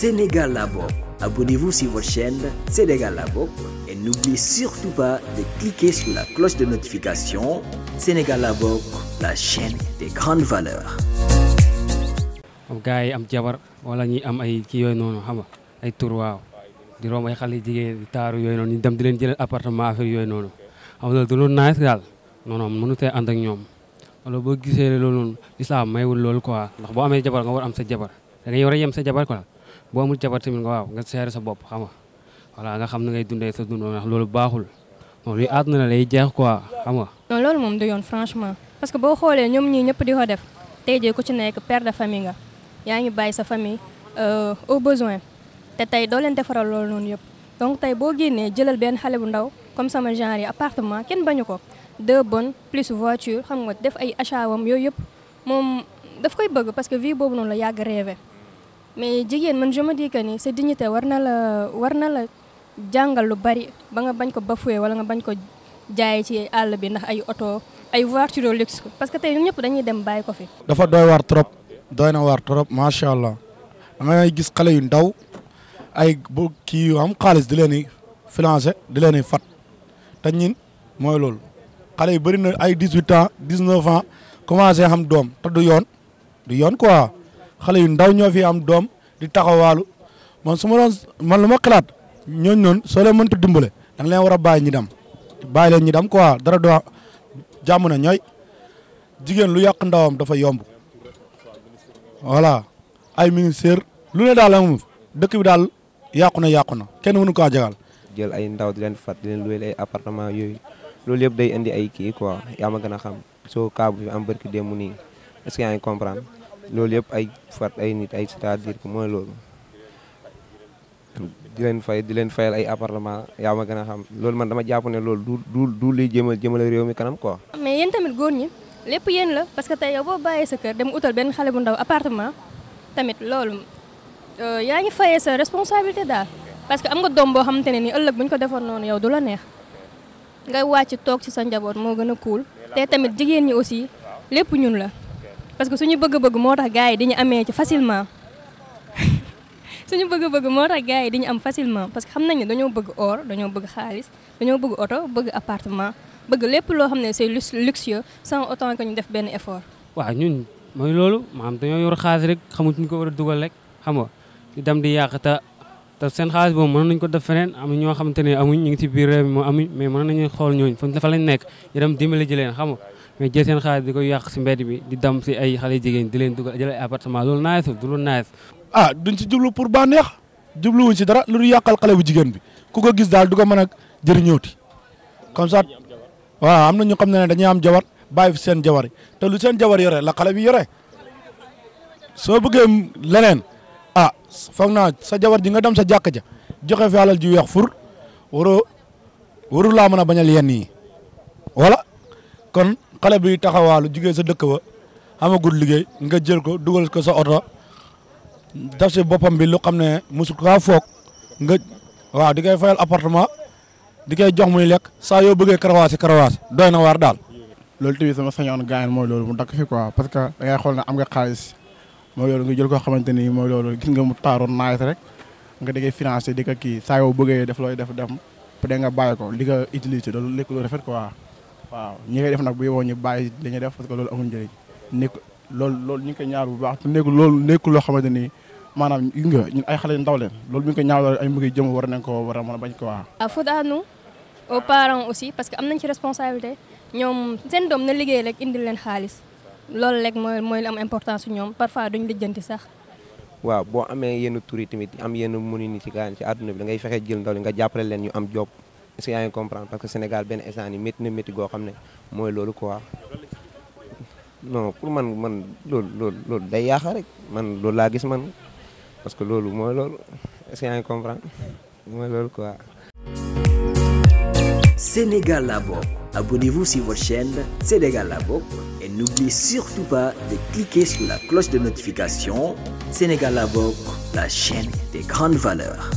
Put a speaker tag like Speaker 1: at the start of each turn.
Speaker 1: Sénégal la abonnez-vous sur votre chaîne Sénégal la et n'oubliez surtout pas de cliquer sur la cloche de notification Sénégal la la chaîne des grandes valeurs.
Speaker 2: gars yi am jabar wala ñi am ay ki yoy noonu xam nga ay tour waaw di rom ay xali jigéen di taaru yooyu ñu dem di len jël appartement affaire yooyu noonu xam nga loolu nice dal non non mënu a and ak ñom wala bo gisé loolu noonu islam maywul lolu quoi ndax boo amé jabar nga war am sa jabar da nga yow rek yem sa jabar quoi. boo amul jabar tamit nga waaw nga seere sa bopp xam nga voilà nga xam na ngay dundee sa dund ndax loolu baaxul moom luy aat na la lay jeex quoi xam nga.
Speaker 1: non loolu moom du yoon franchement parce que boo xoolee ñoom ñii ñëpp di ko def te jii ko ci nekk père de fami nga yaa ngi bàyyi sa famille euh, au besoin te tey doo leen defaral loolu noonu yëpp donc tey boo génnee jëlal benn xale bu ndaw comme sama genre yi appartement kenn bañu ko deux bon plus voiture xam nga def ay achat yooyu yëpp moom daf koy bëgg parce boobu noonu la yàgg mais jigen man je me dis que ni sa dignité warna la warna la jangal lu bari ba nga bañ ko bafoué wala nga bañ ko jaay ci all bi ndax ay auto ay voiture luxe parce que tay ñun ñep dañuy dem bay ko fi.
Speaker 3: dafa doy war trop doy na war trop ma sha allah da nga gis xalé yu ndaw ay bu ki yu am xaliss di leni financer di leni fat ta ñin moy lool xalé yu bari na ay 18 ans 19 ans commencé xam dom ta du yoon du yoon quoi xalé yu ndaw ño fi am dom di taxawalu man suma don man luma xalat ñoon ñoon so le mën mënta dimbalé da nga leen wara a ñi dam bay leen ñi dam quoi dara do jamm na ñoy jigen lu yak ndawam dafa yomb voilà ay ministère lu ne dal amul dekk bi dal yakuna yakuna kenn mënu ko jagal
Speaker 4: jël ay ndaw di leen fat di leen luweel ay appartement yoy loolu yeb day indi ay ki quoi yama gëna a xam so ka bu am barki démb est-ce que yaa comprendre loolu yep ay fat ay nit ay c'est-à-dire que moy loolu di len fay di len fayal ay appartement yaa ma xam loolu man dama japp ne loolu du du li jëmal jëmal jëmale réew mi kanam quoi.
Speaker 1: mais yeen tamit góor ñi lepp yeen la parce que tay yow bo baye sa kër dem utal ben xalé bu ndaw appartement tamit loolu euh, yaa ngi fayee sa responsabilité da parce que am nga dom bo xamante ne nii ëllëg bu ko defoon non yow du la neex nga wacc tok ci sa njabot mo gëna cool té tamit jigéen ñi aussi lepp ñun la. parce que suñu bëgg-bëgg moo tax gars yi di ñu amee ci facilement suñu bëgg-bëgg moo tax gars yi di ñu am facilement parce que xam nañ dañoo bëgg oor dañoo bëgg xaalis dañoo bëgg oto bëgg appartement bëgg lépp loo xam ne c'est luxueux sans autant que ñu def benn effort.
Speaker 2: waaw ñun mooy loolu maanaam dañoo yor xaalis rek xamuñ ñu ko war a dugal rek xam nga di dem di yàq te te seen xaalis boobu mën nañ ko def feneen am ñoo xamante ne amuñ ñu ngi ci biir réew mi amuñ mais mën nañu xool ñooñu fa lañ ñu dem dimbali ji leen xam nga mais jël seen xaalis di ko yàq si mbedd bi di dam si ay xale jigéen di leen dugal jël appartement loolu nice du lu naay ah duñ ci jublu pour bànneex jubluwuñ si dara lu
Speaker 3: du yàqal xale bu jigéen bi ku ko gis daal du ko mën a jëriñooti comme ça waaw am na ñu xam ne dañuy am jawar bàyyi fi seen jabar yi te lu seen jawar yore la xale bi yore soo bëggee leneen ah foog naa sa jawar ji nga dem sa jàkk ja joxe fi alal ji weex fur waroo waru laa mën a bañal yenn yi wala kon xalé bi taxawaalu jugé sa dëkk ba amagul liggéey nga jël ko duggal ko sa auto daf ci bopam bi lu xamné musu ka kaa nga waaw di fayal appartement di jox muy lek sa yo bëggé karawaasi karawaasi doyna war dal lolou loolu sama sañon gaayen moy lolou mu dakk fi quoi parce que da ngay xol na am nga xaliss moy lolou nga jël ko xamanteni moy lolou gis nga mu taaroon naaj rek nga digay financer di ko kii saa yoo bëggee def loy def dem pour nga bàyyi ko li nga utilisé loolu lu rafet quoi. waaw ñi koy def nag bu yowoo ñu bàyyi li ñuy def parce que loolu amul njëriñ nekk lool loolu ñu ngi koy ñaar bu baax te nekk loolu nekkul loo xamante ni maanaam yu xale ndaw leen loolu mi ngi ñaawal ay mbir yu war nañ ko war a mën
Speaker 1: a ah, aussi parce que am nañ ci responsabilité ñoom seen doom na liggéey rek indil leen xaalis loolu rek mooy mooy li am importance su ñoom parfois duñ lijjanti sax.
Speaker 4: waaw boo amee yenn tur yi tamit am yenn mënuñu ci gaañ ci àdduna bi da fexe jël ndaw li nga jàppale leen ñu am job est-ce que a ngi comprend parce que Sénégal ben instant ni métti na métti goo xam ne quoi non pour man man loolu loolu loolu day rek man loolu la gis man parce que loolu mooy loolu est-ce que yaa ngi comprendre mooy quoi.
Speaker 1: Sénégal Labo. Abonnez-vous sur votre chaîne Sénégal Labo et n'oubliez surtout pas de cliquer sur la cloche de notification. Sénégal Labo, la chaîne des grandes valeurs.